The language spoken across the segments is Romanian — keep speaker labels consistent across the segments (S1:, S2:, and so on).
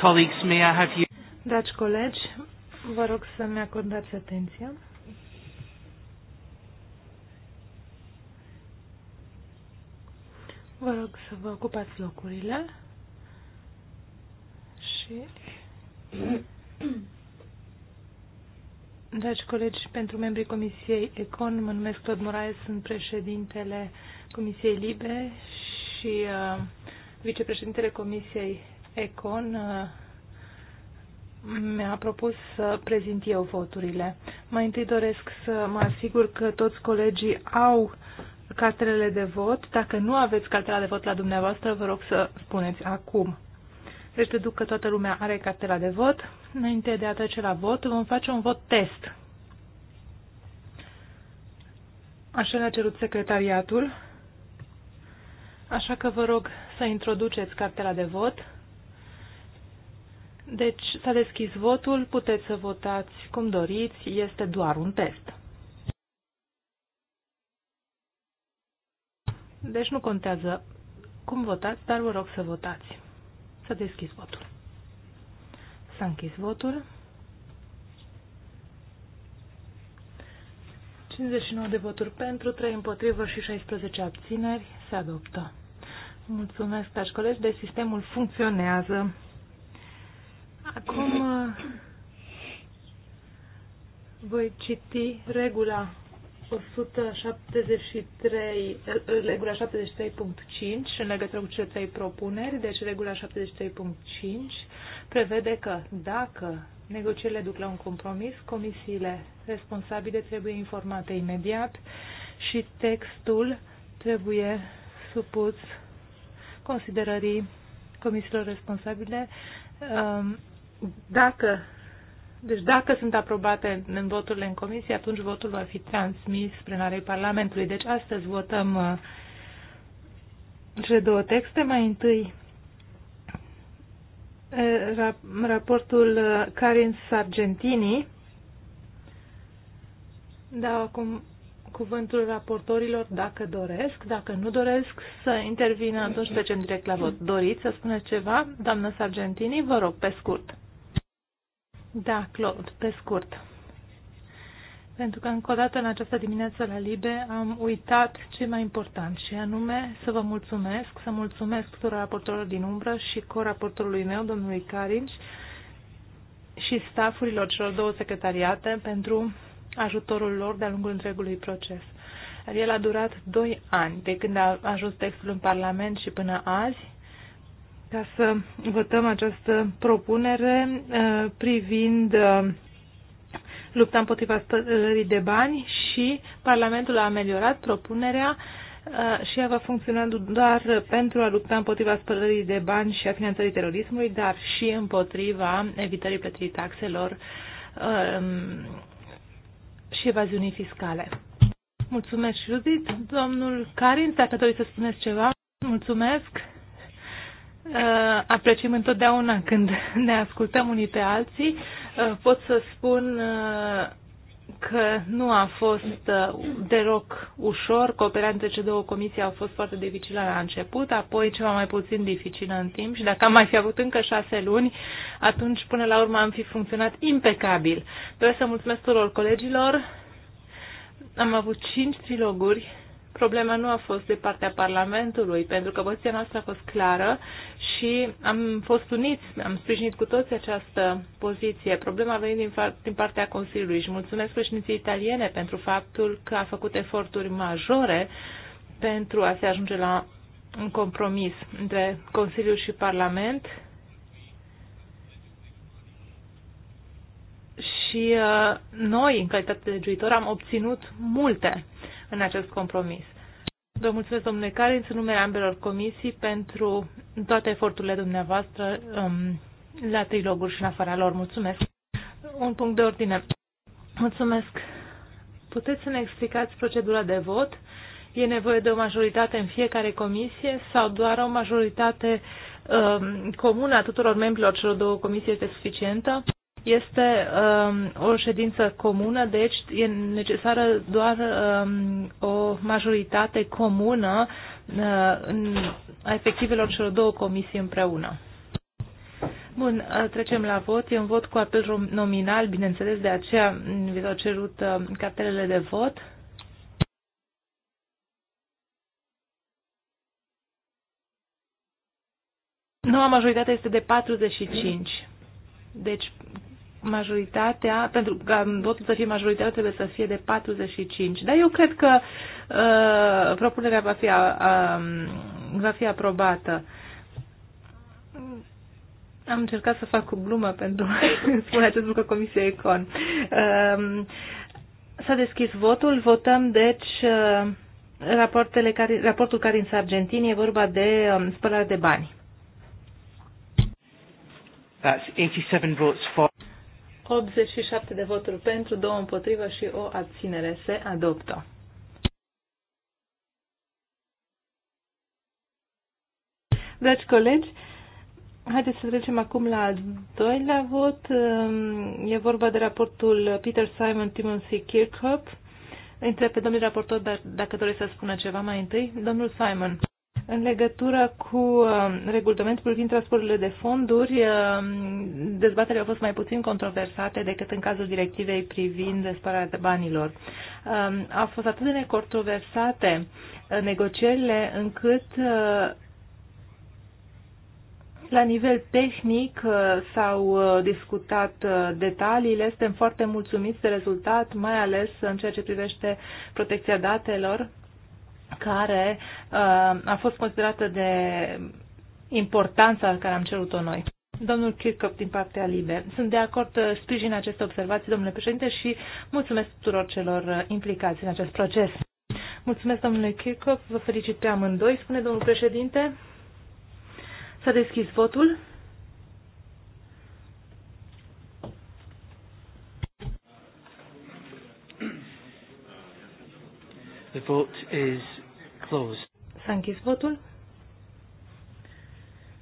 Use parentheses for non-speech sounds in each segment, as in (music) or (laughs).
S1: colleagues, may I have you... Dragi colegi, vă rog să-mi acordați atenția. Vă rog să vă ocupați locurile și... Dragi colegi, pentru membrii Comisiei Econ, mă numesc Claude Moraes, sunt președintele Comisiei Libe și uh, vicepreședintele Comisiei Econ uh, mi-a propus să prezint eu voturile. Mai întâi doresc să mă asigur că toți colegii au cartelele de vot. Dacă nu aveți cartela de vot la dumneavoastră, vă rog să spuneți acum. Deci deduc că toată lumea are cartela de vot. Înainte de a trece la vot, vom face un vot test. Așa ne-a cerut secretariatul. Așa că vă rog să introduceți cartela de vot. Deci s-a deschis votul, puteți să votați cum doriți, este doar un test. Deci nu contează cum votați, dar vă rog să votați. S-a deschis votul. S-a închis votul. 59 de voturi pentru, 3 împotrivă și 16 abțineri. Se adoptă. Mulțumesc, dragi colegi, de deci, sistemul funcționează. Acum uh, voi citi regula 173, uh, regula 73.5 în legătură cu cele trei propuneri, deci regula 73.5 prevede că dacă negocierile duc la un compromis, comisiile responsabile trebuie informate imediat și textul trebuie supus considerării comisiilor responsabile um, dacă, deci dacă sunt aprobate în voturile în comisie, atunci votul va fi transmis spre narei Parlamentului. Deci astăzi votăm uh, cele două texte. Mai întâi uh, raportul uh, Karin Sargentini. Da, acum cuvântul raportorilor dacă doresc. Dacă nu doresc să intervină, atunci trecem direct la vot. Doriți să spuneți ceva? Doamnă Sargentini, vă rog, pe scurt. Da, Claude, pe scurt. Pentru că încă o dată în această dimineață la Libe am uitat ce mai important și anume să vă mulțumesc, să mulțumesc tuturor raportorilor din umbră și co-raportorului meu, domnului Carinci, și stafurilor celor două secretariate pentru ajutorul lor de-a lungul întregului proces. El a durat doi ani, de când a ajuns textul în Parlament și până azi, ca să votăm această propunere uh, privind uh, lupta împotriva spălării de bani și Parlamentul a ameliorat propunerea uh, și ea va funcționa doar pentru a lupta împotriva spălării de bani și a finanțării terorismului, dar și împotriva evitării plătirii taxelor um, și evaziunii fiscale. Mulțumesc, Judith. Domnul Carin, dacă doriți să spuneți ceva, mulțumesc uh, apreciem întotdeauna când (laughs) ne ascultăm unii pe alții. Uh, pot să spun uh, că nu a fost uh, deloc ușor. Cooperarea între cele două comisii a fost foarte dificilă la început, apoi ceva mai puțin dificilă în timp și dacă am mai fi avut încă șase luni, atunci până la urmă am fi funcționat impecabil. Vreau să mulțumesc tuturor colegilor. Am avut cinci triloguri problema nu a fost de partea Parlamentului, pentru că poziția noastră a fost clară și am fost uniți, am sprijinit cu toți această poziție. Problema a venit din, din partea Consiliului și mulțumesc președinției italiene pentru faptul că a făcut eforturi majore pentru a se ajunge la un compromis între Consiliu și Parlament și uh, noi, în calitate de legiuitor, am obținut multe în acest compromis. Vă mulțumesc, domnule Carin, în numele ambelor comisii pentru toate eforturile dumneavoastră um, la triloguri și în afara lor. Mulțumesc. Un punct de ordine. Mulțumesc. Puteți să ne explicați procedura de vot? E nevoie de o majoritate în fiecare comisie sau doar o majoritate um, comună a tuturor membrilor celor două comisii este suficientă? Este um, o ședință comună, deci e necesară doar um, o majoritate comună uh, în, a efectivelor celor două comisii împreună. Bun, uh, trecem la vot. E un vot cu apel nominal, bineînțeles, de aceea mm, vi s-au cerut uh, cartelele de vot. Noua majoritate este de 45. Deci, majoritatea, pentru ca votul să fie majoritar, trebuie să fie de 45. Dar eu cred că uh, propunerea va fi, a, va fi aprobată. Am încercat să fac o glumă pentru a (laughs) spune acest lucru Comisia Econ. Uh, S-a deschis votul, votăm deci uh, raportele care, raportul care în Argentinii e vorba de um, spălare de bani. That's 87 votes for 87 de voturi pentru, 2 împotrivă și o abținere. Se adoptă. Dragi colegi, haideți să trecem acum la al doilea vot. E vorba de raportul Peter Simon Timothy Kirkhope. Întreb pe domnul raportor dar dacă doresc să spună ceva mai întâi. Domnul Simon. În legătură cu um, regulamentul privind transporturile de fonduri, um, dezbaterile au fost mai puțin controversate decât în cazul directivei privind spălarea de banilor. Um, au fost atât de necontroversate uh, negocierile încât uh, la nivel tehnic uh, s-au discutat detaliile. Suntem foarte mulțumiți de rezultat, mai ales în ceea ce privește protecția datelor care uh, a fost considerată de importanța care am cerut-o noi. Domnul Kirchhoff din partea LIBE. Sunt de acord, uh, sprijin aceste observații, domnule președinte, și mulțumesc tuturor celor uh, implicați în acest proces. Mulțumesc, domnule Kirchhoff, vă felicit pe amândoi, spune domnul președinte. S-a deschis votul. The vote is closed. S-a închis votul.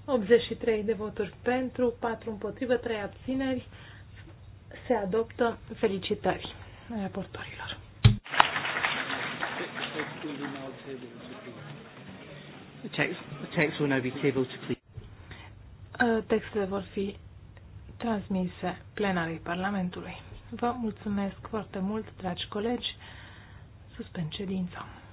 S1: 83 de voturi pentru, 4 împotrivă, 3 abțineri. Se adoptă felicitări raportorilor. Uh, textele vor fi transmise plenarei Parlamentului. Vă mulțumesc foarte mult, dragi colegi. Suspend ședința.